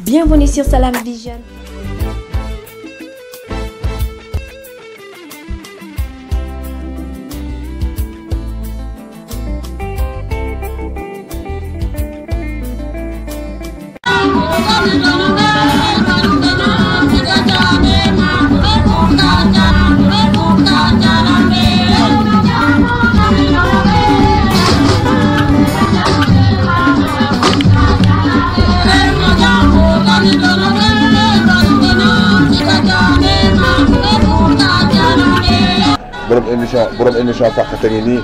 Bienvenue sur Salam Vision. Salam. borom émission borom émission nii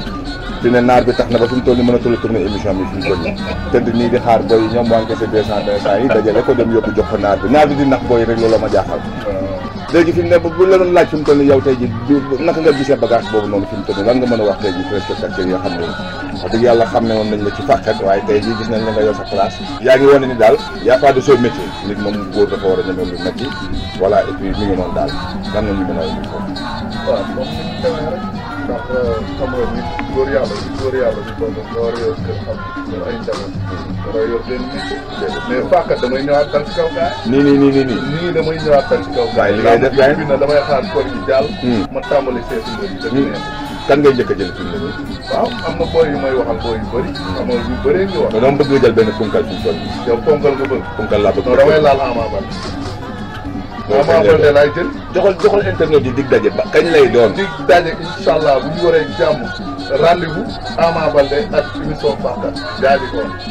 fi naar bi tax na ba fi toll nii mënatul a tourné émission bi fi toll nii tëdd nii di xaar boy ñoom waan kese deux cent deux cent yi dajale ko dem yóbbu jox ko naar bi naar bi di nax boy rek looloo ma jaaxal léegi fi ne bu la nga mën a wax tey ji téléspectateurs ne wax dëgg yàlla xam ne woon la ci fàqat waaye tey ji gis nañ nga yor sa place yaa ngi wane ni daal y'a pas de sot métier nit moom góor dafa war a ñemee lu métti waaw moom fi ñu demee rek ndax xamoo nit góor bi góor yàlla bi boobu nga war a yor a yor benn nit mais fàkkat damay ñëwaat dal ci kaw gaay nii nii nii nii nii nii damay ñëwaat dal ci kaw gaay li ngay def gaay bi damay xaar koor jàll hmm. ma tàmbali seeti mbir yi def hmm. neex kan ngay njëkk a jël fi mu ne nii waaw am na booy yu may waxal booy yu bëgg nga jël benn punkal fi mu bëgg punkal damay laal Ama Baldé loolu laay jël joxal joxal internet yi dig daje ba kañ lay doon. dig daje incha bu ñu waree jàmm rendez-vous Ama Baldé ak émission Faka jaajëf